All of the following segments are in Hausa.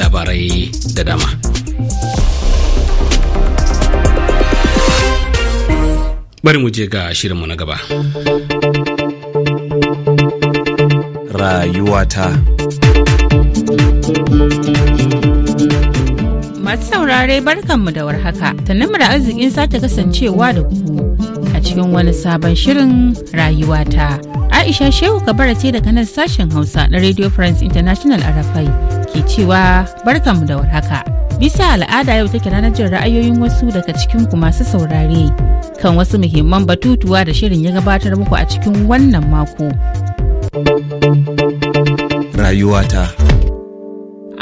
labarai da dama. Bari mu je ga shirinmu na gaba. Rayuwata Masu saurare barkanmu da warhaka, tannin da arzikin sake kasancewa da ku a cikin wani sabon shirin rayuwata. Aisha Shehu Kabara ce daga nan sashen Hausa na Radio France International Arafai ke cewa barkanmu da warhaka. Bisa al'ada yau take ranar jin ra'ayoyin wasu daga cikin ku masu saurare kan wasu muhimman batutuwa da shirin ya gabatar muku a cikin wannan mako. Rayuwata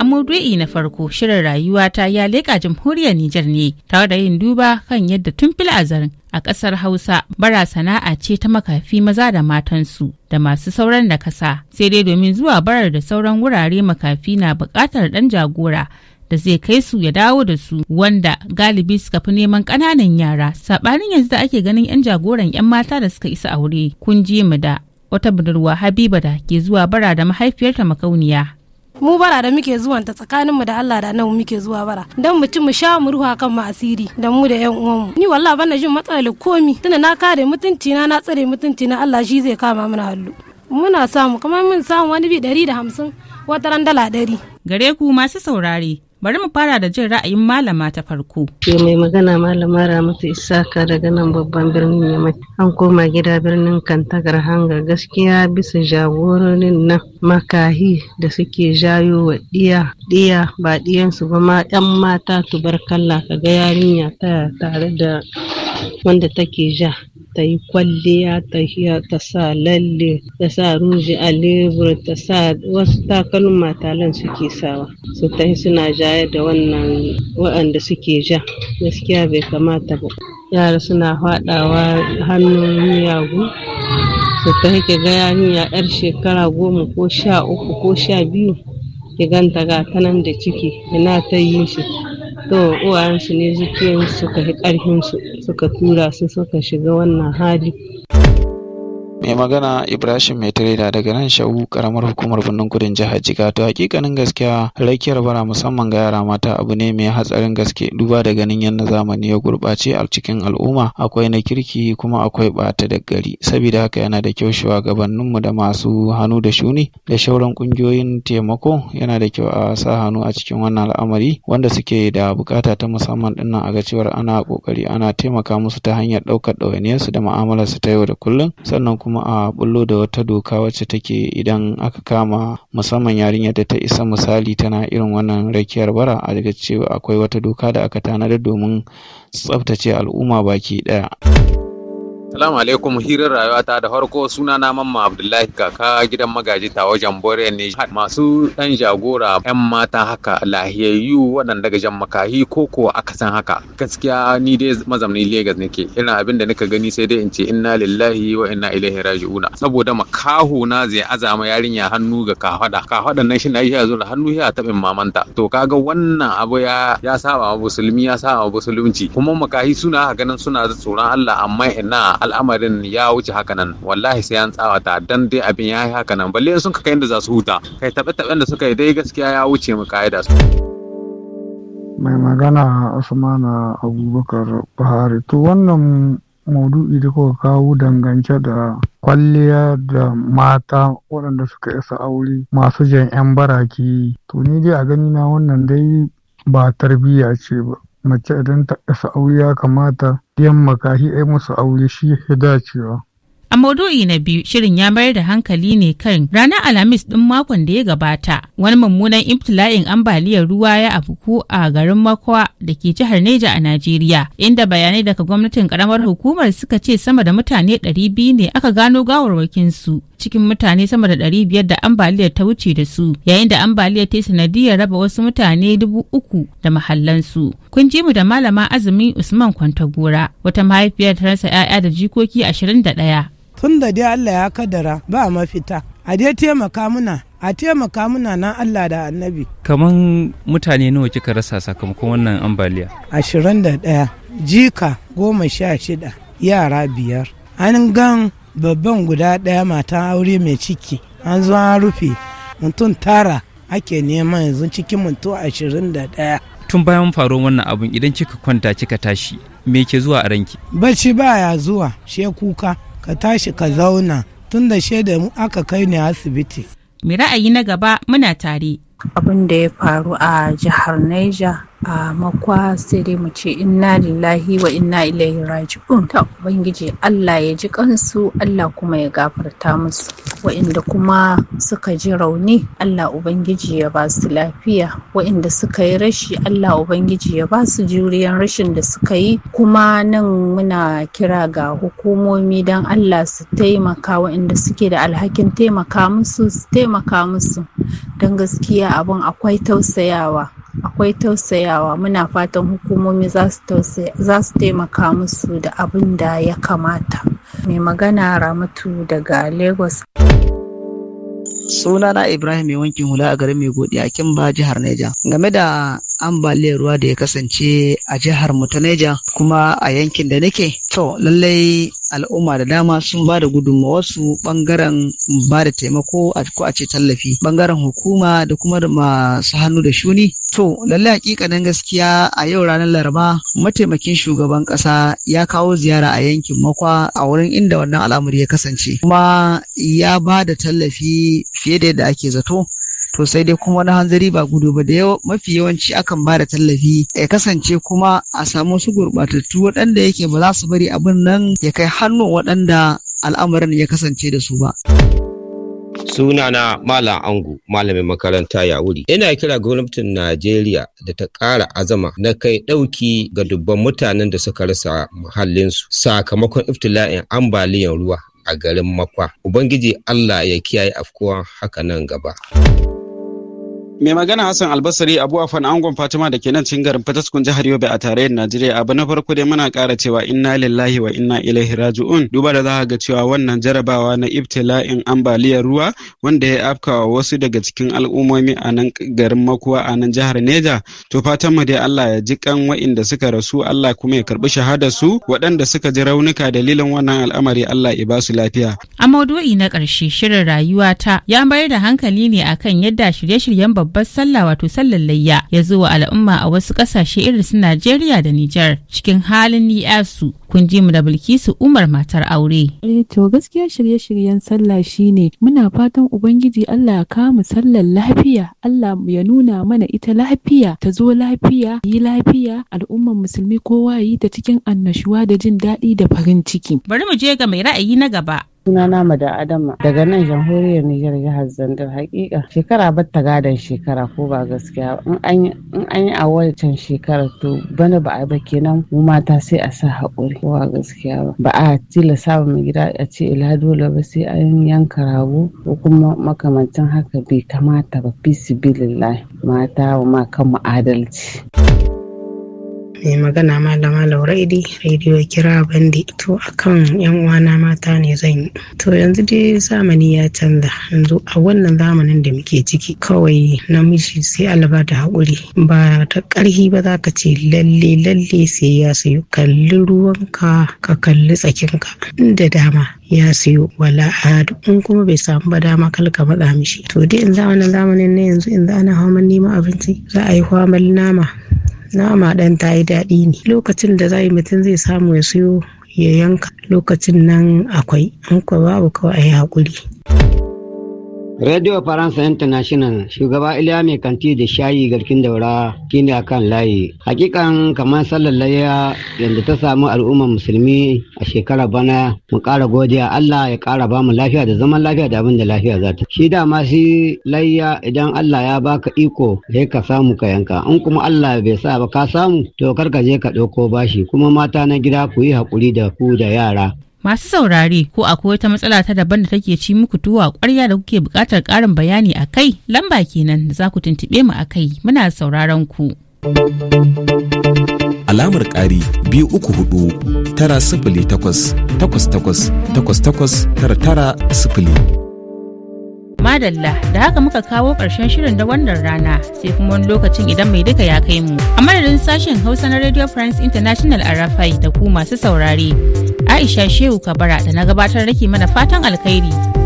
A maudu'i na farko shirin rayuwata ya leƙa jamhuriyar Nijar ne tare da yin duba kan yadda tun fil azarin a ƙasar Hausa bara sana'a ce ta makafi maza da matansu da masu sauran da kasa sai dai domin zuwa barar da sauran wurare makafi na buƙatar ɗan jagora da zai kai su ya dawo da su wanda galibi suka fi neman ƙananan yara saɓanin yanzu da ake ganin 'yan jagoran 'yan mata da suka isa aure kun ji mu da wata budurwa habiba da ke zuwa bara da mahaifiyarta makauniya mu bara da muke zuwan ta tsakanin mu da Allah da nan muke zuwa bara dan mu mu sha mu ruha kan mu asiri da mu da yan uwan mu ni wallahi bana jin matsalar komi tunda na kare mutunci na na tsare mutunci na Allah shi zai kama mana hallu muna samu kamar mun samu wani bi 150 wata ran dala 100 gare ku masu saurare Bari mu fara da jin ra'ayin malama ta farko. Ke mai magana malama Ramatu Isaka daga nan babban birnin Yamai. An koma gida birnin Kantagar Hanga gaskiya bisa jagororin nan makahi da suke jayo wa ɗiya ɗiya ba ɗiyansu ba ma 'yan mata tubarkalla kaga yarinya ta tare da wanda take ja ta yi kwalliya ta hiya ta sa lalle ta sa ruji a lebur ta sa wasu takalma talan suke sawa su ta suna jaye da wannan waɗanda suke ja gaskiya bai kamata ba yara suna faɗawa hannun miyagu su ta yake ga yarinya yar shekara goma ko sha uku ko sha biyu ki ganta ga tanan da ciki ina ta yi shi to uwayensu ne jikiyansu suka yi su suka tura su suka shiga wannan hali mai magana ibrahim mai tireda daga nan shawu karamar hukumar birnin kudin jihar jiga to hakikanin gaskiya rakiyar bara musamman ga yara mata abu ne mai hatsarin gaske duba da ganin yadda zamani ya gurɓace a cikin al'umma akwai na kirki kuma akwai ɓata da gari saboda haka yana da kyau shugabanninmu da masu hannu da shuni da shauran kungiyoyin taimako yana da kyau a sa hannu a cikin wannan al'amari wanda suke da bukata ta musamman nan a ga cewar ana kokari ana taimaka musu ta hanyar ɗaukar ɗawainiyarsu da mu'amalarsu ta yau da kullum sannan kuma kuma a bullo da wata doka wacce take idan aka kama musamman yarinyar da ta isa misali tana irin wannan rakiyar bara a daga cewa akwai wata doka da aka tanada domin tsabtace al'umma baki daya. Salamu alaikum hirar rayuwata da farko suna na mamma Abdullahi kaka gidan magaji ta wajen Bore ne masu ɗan jagora 'yan mata haka lahiyayyu waɗanda jan makahi ko ko aka san haka. Gaskiya ni dai mazamni Legas nake Ina abin da nika gani sai dai in ce inna lillahi wa inna ilaihi raji'una saboda makaho na zai azama yarinya hannu ga kafada kafadan nan shi na yi zuwa hannu ya taɓin mamanta to kaga wannan abu ya ya saba musulmi ya saba musulunci kuma makahi suna ganin suna tsoron Allah amma ina al'amarin ya wuce hakanan wallahi sai an tsawata dan dai abin ya yi hakanan balle sun ka kai inda za su huta kai taɓe taɓen da suka yi dai gaskiya ya wuce mu ka'ida su. mai magana usmana abubakar buhari to wannan maudu'i da kuka kawo dangance da kwalliya da mata waɗanda suka isa aure masu jan 'yan baraki to ni dai a gani na wannan dai ba tarbiyya ce ba mace idan ta isa aure ya kamata yan makahi ai musu aure shi ya dacewa. A maudu'i na biyu shirin ya mayar da hankali ne kan ranar Alhamis ɗin makon da ya gabata wani mummunan imtila'in ambaliyar ruwa ya abuku a garin Makwa da ke jihar Neja a Najeriya inda bayanai daga gwamnatin karamar hukumar suka ce sama da mutane 200 ne aka gano gawarwakin su cikin mutane sama da ɗari biyar da ambaliyar ta wuce da su yayin da ambaliyar ta yi sanadiyar raba wasu mutane dubu uku da mahallansu. Kun ji mu da malama azumi Usman Kwantagora wata mahaifiyar ta rasa 'ya'ya da jikoki ashirin da ɗaya. Tun da dai Allah ya kaddara ba mafita a dai taimaka muna a taimaka muna na Allah da annabi. Kaman mutane nawa kika rasa sakamakon wannan ambaliya? Ashirin da ɗaya, jika goma sha shida, yara biyar. An gan babban guda ɗaya matan aure mai ciki an zo an rufe mutum tara ake nema yanzu cikin mutum ashirin da ɗaya tun bayan faro wannan abun idan kika kwanta kika tashi me ke zuwa a ranki bacci baya zuwa she kuka ka tashi ka zauna tun da she da aka kai ni asibiti mai ra'ayi na gaba muna tare abin da ya faru a jihar Niger a makwa sai dai mu ce inna lillahi wa inna ilaihi raji'un ta ubangiji Allah ya ji kansu Allah kuma ya gafarta musu wa'inda kuma suka ji rauni Allah ubangiji ya ba su lafiya wa'inda suka yi rashi Allah ubangiji ya ba su juriyan rashin da suka yi kuma nan muna kira ga hukumomi don Allah su taimaka wa'inda suke da alhakin taimaka musu su taimaka musu don gaskiya abin akwai tausayawa akwai tausayawa muna fatan hukumomi za su taimaka musu da abin da ya kamata mai magana ramatu daga lagos sunana ibrahim mai wankin hula a garin mai godiya ba jihar neja game da ambaliyar ruwa da ya kasance a jihar Mutaneja kuma a yankin da nake to lallai al'umma da dama sun ba da su bangaren ba da taimako a ko a ce tallafi bangaren hukuma da kuma da masu hannu da shuni to lallai hakikanin gaskiya a yau ranar laraba mataimakin shugaban kasa ya kawo ziyara a yankin makwa a wurin inda wannan al'amari ya kasance kuma ya ba da tallafi fiye da yadda ake zato to sai dai kuma na hanzari ba gudu ba da mafi yawanci akan ba da tallafi ya kasance kuma a samu su gurbatattu waɗanda yake ba za su bari abin nan ya kai hannu waɗanda al'amarin ya kasance da su ba. suna na malam angu malamin makaranta ya wuri ina kira gwamnatin najeriya da ta ƙara azama na kai ɗauki ga dubban mutanen da suka rasa muhallinsu sakamakon iftila'in ambaliyan ruwa a garin makwa ubangiji allah ya kiyaye afkuwa haka nan gaba Mai magana Hassan Albasari Abu fana Angon Fatima da ke nan cikin garin Fataskun jihar Yobe a tarayyar Najeriya abu na farko dai muna kara cewa inna lillahi wa inna ilaihi raji'un duba da za ga cewa wannan jarabawa na ibtila'in ambaliyar ruwa wanda ya afkawa wasu daga cikin al'ummomi a nan garin Makuwa a nan jihar Neja to fatan mu dai Allah ya ji kan wa'inda suka rasu Allah kuma ya karbi shahada su waɗanda suka ji raunuka dalilin wannan al'amari Allah ya ba su lafiya. A maudu'i na ƙarshe shirin rayuwa ta ya mayar da hankali ne akan yadda shirye-shiryen babbar sallah wato sallar layya ya zo wa al'umma a wasu ƙasashe irin su Najeriya da Nijar cikin halin ni'asu kun ji mu da Bilkisu Umar matar aure. Eh to gaskiya shirye-shiryen sallah shine muna fatan Ubangiji Allah ya kama sallar lafiya Allah ya nuna mana ita lafiya ta zo lafiya yi lafiya al'umman musulmi kowa yi ta cikin annashuwa da jin daɗi da farin ciki. Bari mu je ga mai ra'ayi na gaba sunana mada adama daga nan jamhuriyar nijar jihar zandar hakika shekara ba ta gadon shekara ko ba gaskiya in an yi a wancan shekara to bana ba a ba kenan mu mata sai a sa haƙuri ko ba gaskiya ba ba a tilasta ba mai gida a ce ila dole ba sai an yanka rago ko kuma makamancin haka bai kamata ba fi mata wa ma kan mu adalci mai magana malama lauraidi radio kira bandi to akan yan uwana mata ne zan yi to yanzu dai zamani ya canza yanzu a wannan zamanin da muke ciki kawai namiji sai alaba da haƙuri ba ta ƙarhi ba za ka ce lalle lalle sai ya sayo kalli ruwanka ka kalli tsakinka inda dama ya siyo. wala adu in kuma bai samu ba dama kalka matsa mishi to dai in zamanin zamanin na yanzu in za ana hawan neman abinci za a yi hawan nama nama ɗan ta yi daɗi ne lokacin da zai mutum zai samu ya siyo ya yanka lokacin nan akwai an in babu kawai a yi haƙuri. Radio Faransa International shugaba Iliya mai kanti da shayi garkin daura shine kan layi. Hakikan kamar sallar layya yadda ta samu al'ummar musulmi a shekara bana mu ƙara godiya Allah ya ƙara ba mu lafiya da zaman lafiya da abin da lafiya za ta. Shi da masu layya idan Allah ya baka iko sai ka samu ka yanka in kuma Allah bai sa ba ka samu to kar ka je ka ɗauko bashi kuma mata na gida ku yi haƙuri da ku da yara. Masu saurare ko akwai wata matsala ta daban da take ci muku tuwa kwarya da kuke bukatar ƙarin bayani a kai lamba kenan da za ku tuntuɓe mu a kai muna sauraron ku. Alamar ƙari biyu uku hudu tara sifili takwas takwas takwas takwas takwas tara tara sifili. Madalla da haka muka kawo ƙarshen shirin da wannan rana sai kuma wani lokacin idan mai duka ya kai mu. A madadin sashen Hausa na Radio France International a Rafai da ku masu saurare. Aisha Shehu Kabara da na gabatar rake mana fatan alkhairi.